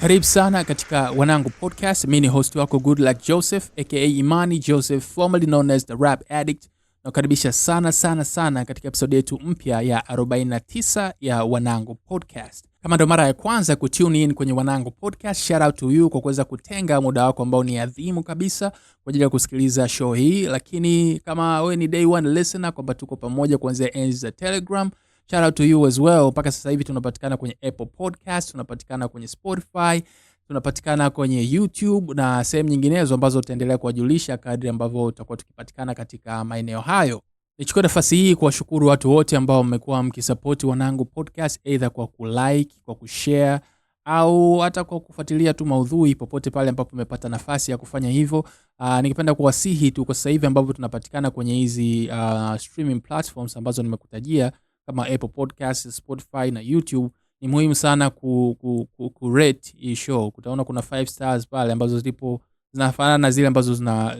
Karibu sana katika Wanangu Podcast. Mimi ni host wako Good Luck Joseph aka Imani Joseph formerly known as the Rap Addict. Nakukaribisha sana sana sana katika episode yetu mpya ya 49 ya Wanangu Podcast. Kama ndo mara ya kwanza kutune in kwenye Wanangu Podcast, shout out to you kwa kuweza kutenga muda wako ambao ni adhimu kabisa kwa ajili ya kusikiliza show hii, lakini kama wewe ni day one listener, kwamba tuko pamoja kuanzia enzi za Telegram Shout out to you as well. Mpaka sasa hivi tunapatikana kwenye Apple Podcast, tunapatikana kwenye Spotify, tunapatikana kwenye YouTube na sehemu nyinginezo ambazo tutaendelea kuwajulisha kadri ambavyo tutakuwa tukipatikana katika maeneo hayo. Nichukue nafasi hii kuwashukuru watu wote ambao mmekuwa mkisapoti Wanangu Podcast, aidha kwa kulike, kwa kushare au hata kwa kufuatilia tu maudhui popote pale ambapo umepata nafasi ya kufanya hivyo. Uh, ningependa kuwasihi tu kwa sasa hivi ambavyo tunapatikana kwenye hizi uh, streaming platforms ambazo nimekutajia kama Apple Podcast, Spotify na YouTube, ni muhimu sana ku, ku, ku, ku rate hii show. Kutaona kuna five stars pale ambazo zipo zinafanana na zile ambazo zina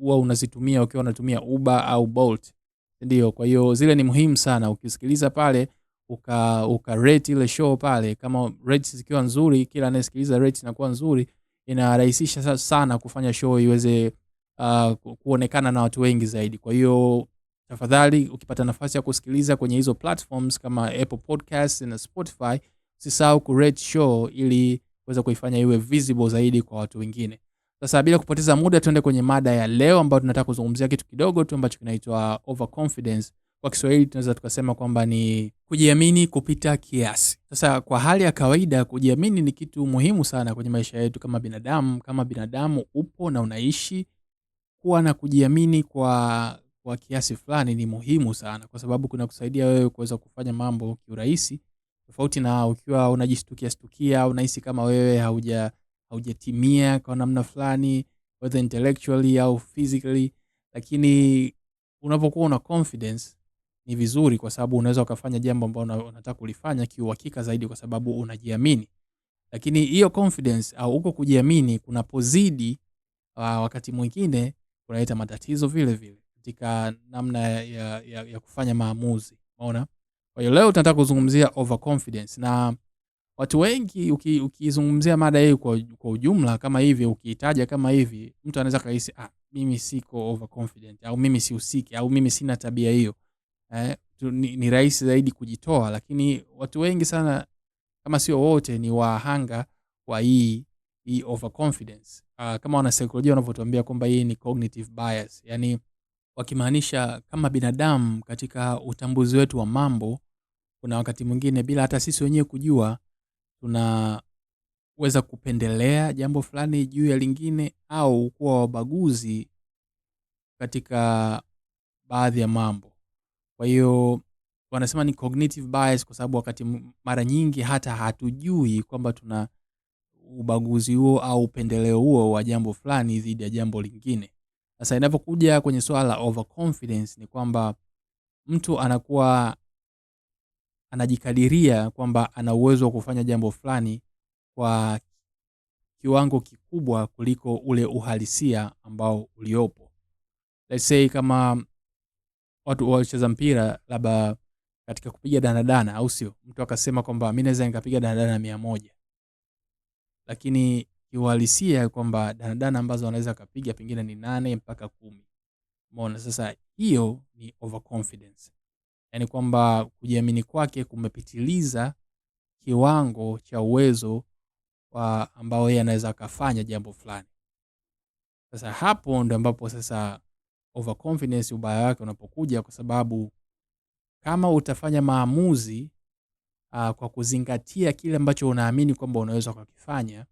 huwa unazitumia ukiwa unatumia Uber au Bolt, ndio. Kwa hiyo zile ni muhimu sana, ukisikiliza pale uka, uka rate ile show pale, kama rates zikiwa nzuri, kila anayesikiliza rate inakuwa nzuri, inarahisisha sana kufanya show iweze uh, kuonekana na watu wengi zaidi. Kwa hiyo Tafadhali ukipata nafasi ya kusikiliza kwenye hizo platforms kama Apple Podcasts na Spotify, usisahau kurate show ili kuweza kuifanya iwe visible zaidi kwa watu wengine. Sasa bila kupoteza muda, tuende kwenye mada ya leo ambayo tunataka kuzungumzia kitu kidogo tu ambacho kinaitwa overconfidence. Kwa Kiswahili tunaweza tukasema kwamba ni kujiamini kupita kiasi. Sasa kwa hali ya kawaida, kujiamini ni kitu muhimu sana kwenye maisha yetu kama binadamu. Kama binadamu upo na unaishi, kuwa na kujiamini kwa kwa kiasi fulani ni muhimu sana, kwa sababu kunakusaidia wewe kuweza kufanya mambo kiurahisi, tofauti na ukiwa unajistukia stukia unahisi kama wewe hauja haujatimia kwa namna fulani, whether intellectually au physically. Lakini unapokuwa una confidence ni vizuri, kwa sababu unaweza ukafanya jambo ambalo unataka kulifanya kiuhakika zaidi, kwa sababu unajiamini. Lakini hiyo confidence au uko kujiamini kunapozidi, uh, wakati mwingine kunaleta matatizo vile vile katika namna ya, ya, ya kufanya maamuzi. Umeona? Kwa hiyo leo tunataka kuzungumzia overconfidence na watu wengi ukizungumzia uki mada hii kwa, kwa ujumla kama hivi ukiitaja kama hivi mtu anaweza kahisi ah, mimi siko overconfident au mimi sihusiki au mimi sina tabia hiyo. Eh, tu, ni, ni rahisi zaidi kujitoa, lakini watu wengi sana kama sio wote ni wahanga wa hii hii overconfidence. Uh, kama wanasaikolojia wanavyotuambia kwamba hii ni cognitive bias, yani wakimaanisha kama binadamu katika utambuzi wetu wa mambo, kuna wakati mwingine bila hata sisi wenyewe kujua, tunaweza kupendelea jambo fulani juu ya lingine au kuwa wabaguzi katika baadhi ya mambo. Kwa hiyo wanasema ni cognitive bias kwa sababu wakati mara nyingi hata hatujui kwamba tuna ubaguzi huo au upendeleo huo wa jambo fulani dhidi ya jambo lingine. Sasa inavyokuja kwenye swala la overconfidence ni kwamba mtu anakuwa anajikadiria kwamba ana uwezo wa kufanya jambo fulani kwa kiwango kikubwa kuliko ule uhalisia ambao uliopo. Let's say kama watu wacheza mpira labda katika kupiga danadana, au sio? Mtu akasema kwamba mi naweza nikapiga danadana mia moja, lakini kiuhalisia kwamba danadana ambazo wanaweza akapiga pengine ni nane mpaka kumi. mona sasa hiyo ni overconfidence, yaani kwamba kujiamini kwake kumepitiliza kiwango cha uwezo wa ambao yeye anaweza akafanya jambo fulani. Sasa hapo ndo ambapo sasa overconfidence ubaya wake unapokuja, kwa sababu kama utafanya maamuzi uh, kwa kuzingatia kile ambacho unaamini kwamba unaweza ukakifanya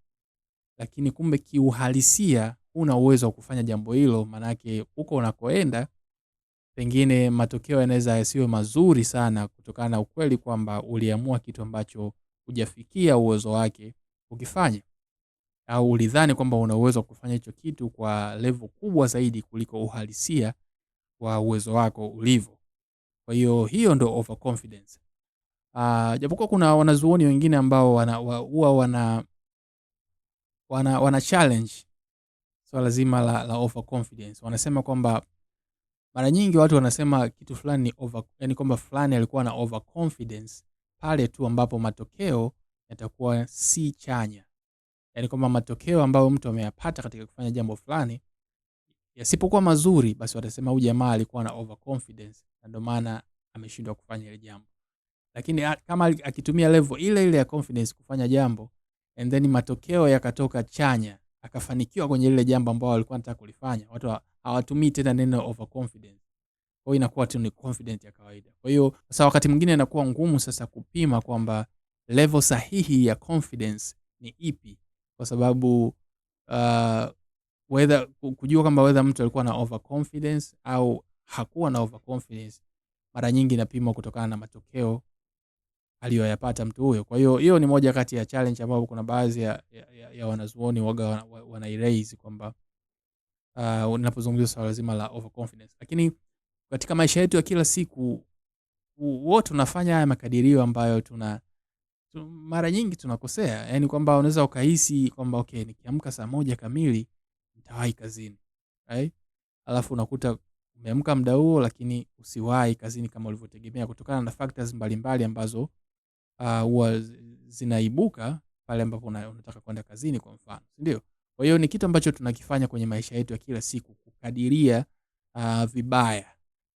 lakini kumbe kiuhalisia huna uwezo wa kufanya jambo hilo, maanake huko unakoenda pengine matokeo yanaweza yasiwe mazuri sana, kutokana na ukweli kwamba uliamua kitu ambacho hujafikia uwezo wake ukifanya, au ulidhani kwamba una uwezo wa kufanya hicho kitu kwa levo kubwa zaidi kuliko uhalisia wa uwezo wako ulivo Kwa hiyo hiyo ndo overconfidence. Uh, japokuwa kuna wanazuoni wengine ambao huwa wana, wana, wana, wana challenge swala so zima la, la over confidence Wanasema kwamba mara nyingi watu wanasema kitu fulani over, yani kwamba fulani alikuwa na over confidence pale tu ambapo matokeo yatakuwa si chanya, yani kwamba matokeo ambayo mtu ameyapata katika kufanya jambo fulani yasipokuwa mazuri, basi watasema huyu jamaa alikuwa na over confidence na ndio maana ameshindwa kufanya ile jambo. Lakini kama akitumia level ile ile ya confidence kufanya jambo and then matokeo yakatoka chanya, akafanikiwa kwenye lile jambo ambao alikuwa anataka kulifanya. Watu hawatumii tena neno overconfidence, kwa hiyo inakuwa tu ni confident ya kawaida. Kwa hiyo sasa, wakati mwingine inakuwa ngumu sasa kupima kwamba level sahihi ya confidence ni ipi, kwa sababu uh, whether kujua kwamba whether mtu alikuwa na overconfidence au hakuwa na overconfidence mara nyingi inapimwa kutokana na matokeo aliyoyapata mtu huyo. Kwa hiyo hiyo ni moja kati ya challenge ambayo kuna baadhi ya, ya, ya wanazuoni waga wanairaise wana erase kwamba uh, unapozungumzia swala zima la overconfidence. Lakini katika maisha yetu ya kila siku wote tunafanya haya makadirio ambayo tuna tu, mara nyingi tunakosea, yani kwamba unaweza ukahisi kwamba okay, nikiamka saa moja kamili nitawahi kazini right? Alafu unakuta umeamka muda huo, lakini usiwahi kazini kama ulivyotegemea kutokana na factors mbalimbali mbali ambazo Uh, huwa uh, zinaibuka pale ambapo unataka kwenda kazini kwa mfano, si ndio? Kwa hiyo ni kitu ambacho tunakifanya kwenye maisha yetu ya kila siku kukadiria uh, vibaya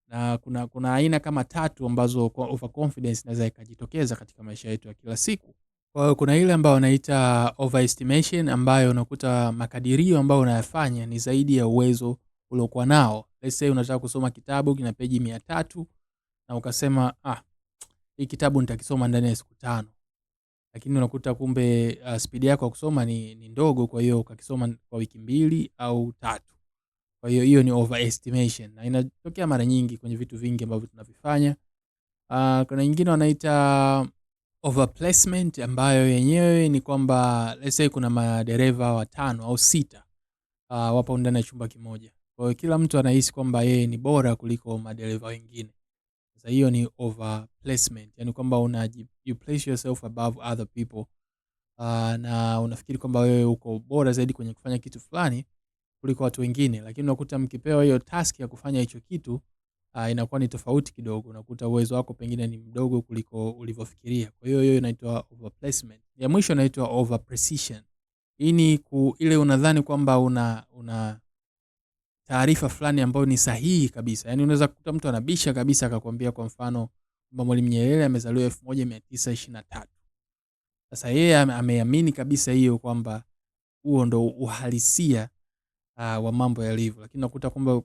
na kuna, kuna aina kama tatu ambazo overconfidence inaweza ikajitokeza katika maisha yetu ya kila siku. Kwa hiyo kuna ile ambayo wanaita overestimation ambayo unakuta makadirio ambayo unayafanya ni zaidi ya uwezo uliokuwa nao. Let's say unataka kusoma kitabu kina peji mia tatu na ukasema ah, hii kitabu nitakisoma ndani ya siku tano, lakini unakuta kumbe uh, spidi yako ya kusoma ni, ni ndogo, kwa hiyo ukakisoma kwa wiki mbili au tatu. Kwa hiyo hiyo ni overestimation na inatokea mara nyingi kwenye vitu vingi ambavyo tunavifanya. Uh, kuna nyingine wanaita overplacement ambayo yenyewe ni kwamba let's say kuna madereva watano au sita uh, wapo ndani ya chumba kimoja. Kwa hiyo kila mtu anahisi kwamba yeye ni bora kuliko madereva wengine. Sasa hiyo ni over placement, yani kwamba una you place yourself above other people uh, na unafikiri kwamba wewe uko bora zaidi kwenye kufanya kitu fulani kuliko watu wengine, lakini unakuta mkipewa hiyo task ya kufanya hicho kitu uh, inakuwa ni tofauti kidogo, unakuta uwezo wako pengine ni mdogo kuliko ulivyofikiria. Kwa hiyo hiyo inaitwa over placement. Ya mwisho inaitwa over precision. Hii ni ile unadhani kwamba una una taarifa fulani ambayo ni sahihi kabisa. Yani unaweza kukuta mtu anabisha kabisa akakwambia kwa mfano kwamba Mwalimu Nyerere amezaliwa 1923. Sasa yeye ameamini kabisa hiyo kwamba huo ndo uhalisia uh, wa mambo yalivyo, lakini nakuta kwamba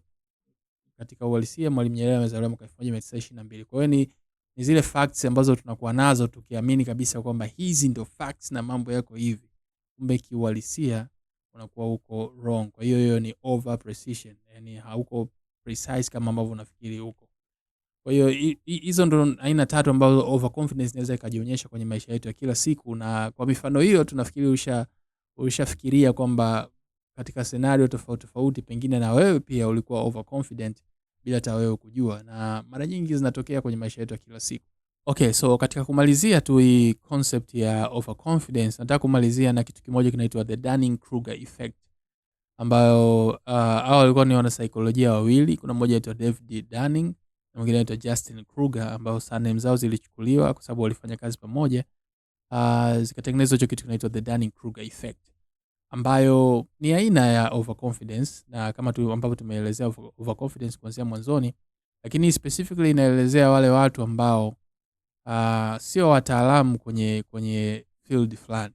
katika uhalisia Mwalimu Nyerere amezaliwa mwaka 1922. Kwa hiyo ni, ni zile facts ambazo tunakuwa nazo tukiamini kabisa kwamba hizi ndo facts na mambo yako hivi, kumbe kiuhalisia unakuwa uko wrong. Kwa hiyo hiyo ni over precision, yani hauko precise kama ambavyo unafikiri huko. Kwa hiyo hizo ndo aina tatu ambazo overconfidence inaweza ikajionyesha kwenye maisha yetu ya kila siku, na kwa mifano hiyo tunafikiri usha ushafikiria kwamba katika scenario tofauti tofauti, pengine na wewe pia ulikuwa overconfident bila hata wewe kujua, na mara nyingi zinatokea kwenye maisha yetu ya kila siku. Okay, so katika kumalizia tu hii concept ya overconfidence, nataka kumalizia na kitu kimoja kinaitwa the Dunning-Kruger effect ambayo uh, au walikuwa ni wanasaikolojia wawili. Kuna mmoja anaitwa David Dunning na mwingine anaitwa Justin Kruger, ambayo sanem zao zilichukuliwa kwa sababu walifanya kazi pamoja, uh, zikatengeneza hicho kitu kinaitwa the Dunning-Kruger effect ambayo ni aina ya overconfidence na kama tu ambavyo tumeelezea overconfidence kuanzia mwanzoni, lakini specifically inaelezea wale watu ambao uh, sio wataalamu kwenye kwenye field fulani.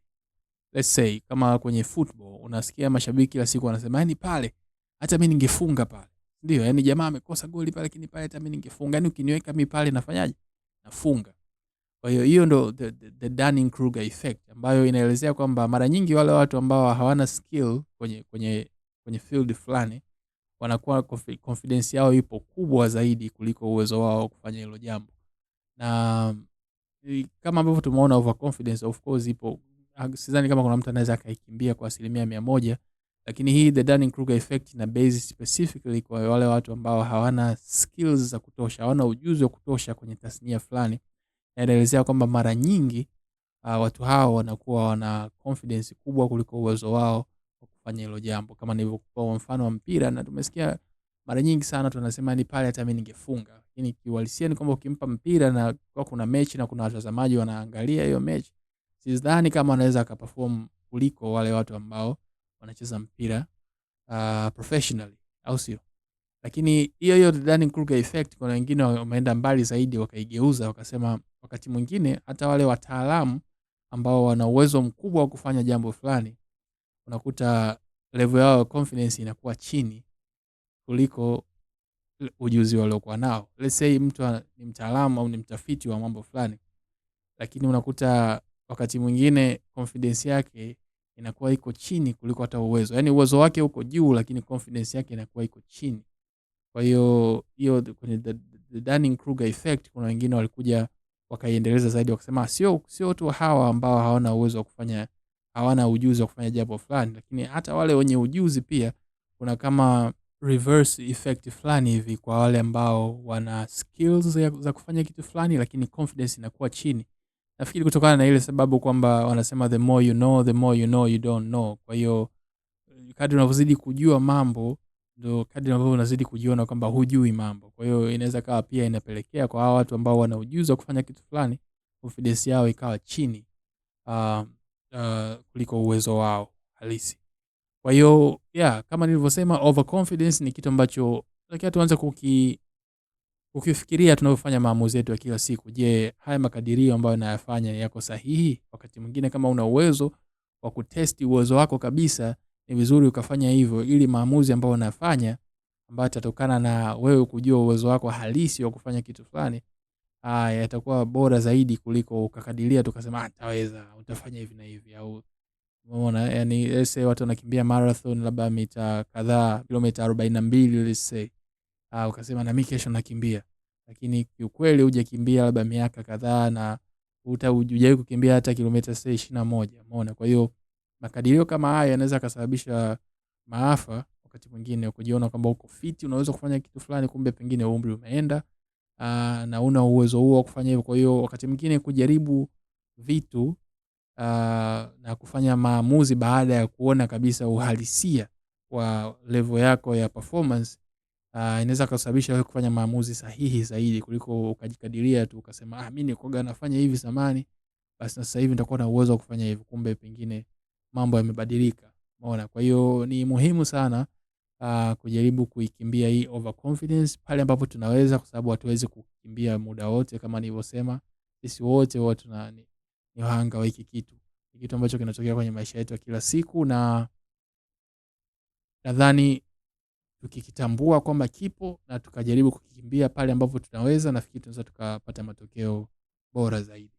Let's say kama kwenye football unasikia mashabiki kila siku wanasema yani pale hata mimi ningefunga pale. Ndio, yani jamaa amekosa goli pale lakini pale hata mimi ningefunga. Yani ukiniweka mimi pale nafanyaje? Nafunga. Kwa hiyo hiyo ndo the, the, the Dunning-Kruger effect ambayo inaelezea kwamba mara nyingi wale watu ambao hawana skill kwenye kwenye kwenye field fulani wanakuwa confidence yao ipo kubwa zaidi kuliko uwezo wao kufanya hilo jambo na kama ambavyo tumeona overconfidence of course ipo, sidhani kama kuna mtu anaweza akaikimbia kwa asilimia mia moja, lakini hii the Dunning-Kruger effect na base specifically kwa wale watu ambao hawana skills za kutosha, hawana ujuzi wa kutosha kwenye tasnia fulani, naelezea kwamba mara nyingi uh, watu hao wanakuwa wana confidence kubwa kuliko uwezo wao wa kufanya hilo jambo, kama nilivyokupa mfano wa mpira, na tumesikia mara nyingi sana tunasema ni pale hata mimi ningefunga, lakini kiuhalisia ni kwamba ukimpa mpira na kwa kuna mechi na kuna watazamaji wanaangalia hiyo mechi, sidhani kama anaweza akaperform kuliko wale watu ambao wanacheza mpira uh, professionally, au sio? Lakini hiyo hiyo Dunning-Kruger effect, kuna wengine wameenda mbali zaidi wakaigeuza wakasema, wakati mwingine hata wale wataalamu ambao wana uwezo mkubwa wa kufanya jambo fulani, unakuta level yao confidence inakuwa chini kuliko ujuzi waliokuwa nao. Let's say mtu ni mtaalamu au ni mtafiti wa mambo fulani, lakini unakuta wakati mwingine confidence yake inakuwa iko chini kuliko hata uwezo. yani uwezo wake uko juu, lakini confidence yake inakuwa iko chini. Kwa hiyo hiyo kwenye the, the Dunning-Kruger effect, kuna wengine walikuja wakaiendeleza zaidi, wakasema sio sio tu hawa ambao hawana uwezo wa kufanya, hawana ujuzi wa kufanya jambo fulani, lakini hata wale wenye ujuzi pia kuna kama reverse effect fulani hivi kwa wale ambao wana skills za kufanya kitu fulani, lakini confidence inakuwa chini. Nafikiri kutokana na ile sababu kwamba wanasema the more you know, the more you know you don't know. Kwa hiyo kadri unavyozidi kujua mambo ndo kadri ambavyo unazidi kujiona kwamba hujui mambo. Kwa hiyo inaweza kawa pia inapelekea kwa watu ambao wana ujuzi wa kufanya kitu fulani, confidence yao ikawa chini uh, uh, kuliko uwezo wao halisi. Kwa hiyo yeah, kama nilivyosema, overconfidence ni kitu ambacho takia tuanze kuki ukifikiria tunavyofanya maamuzi yetu ya kila siku. Je, haya makadirio ambayo nayafanya yako sahihi? Wakati mwingine kama una uwezo wa kutesti uwezo wako kabisa, ni vizuri ukafanya hivyo, ili maamuzi ambayo unafanya ambayo yatatokana na wewe kujua uwezo wako halisi wa kufanya kitu fulani ah, yatakuwa bora zaidi kuliko ukakadiria tukasema, ataweza, ah, utafanya hivi na hivi au Umeona, yani ese watu wanakimbia marathon labda mita kadhaa, kilomita 42 let's say. uh, ukasema na mimi kesho nakimbia. Lakini kiukweli hujakimbia labda miaka kadhaa na uta hujawahi kukimbia hata kilomita sasa 21. Umeona? Kwa hiyo makadirio kama haya yanaweza kasababisha maafa wakati mwingine, ukijiona kwamba uko fiti, unaweza kufanya kitu fulani, kumbe pengine umri umeenda ah, na una uwezo huo wa kufanya hivyo. Kwa hiyo wakati mwingine kujaribu vitu uh, na kufanya maamuzi baada ya kuona kabisa uhalisia wa level yako ya performance uh, inaweza kusababisha wewe kufanya maamuzi sahihi zaidi kuliko ukajikadiria tu ukasema ah, mimi nilikuwa nafanya hivi zamani, basi sasa hivi nitakuwa na uwezo wa kufanya hivi, kumbe pengine mambo yamebadilika. Umeona? Kwa hiyo ni muhimu sana uh, kujaribu kuikimbia hii overconfidence pale ambapo tunaweza, kwa sababu hatuwezi kukimbia muda wote. Kama nilivyosema, sisi wote huwa tuna ni wahanga wa hiki kitu. Ni kitu ambacho kinatokea kwenye maisha yetu ya kila siku, na nadhani tukikitambua kwamba kipo na tukajaribu kukikimbia pale ambapo tunaweza, nafikiri tunaweza tukapata matokeo bora zaidi.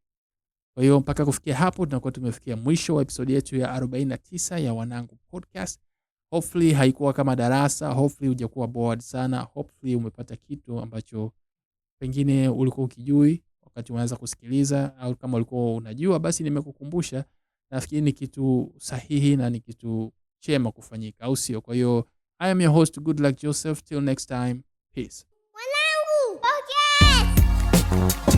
Kwa hiyo mpaka kufikia hapo, tunakuwa tumefikia mwisho wa episodi yetu ya 49 ya Wanangu Podcast. Hopefully haikuwa kama darasa, hopefully hujakuwa bored sana, hopefully umepata kitu ambacho pengine ulikuwa ukijui wakati unaanza kusikiliza, au kama ulikuwa unajua, basi nimekukumbusha. Nafikiri ni kitu sahihi na ni kitu chema kufanyika, au sio? Kwa hiyo I am your host good luck Joseph, till next time, peace. Mwanangu, okay.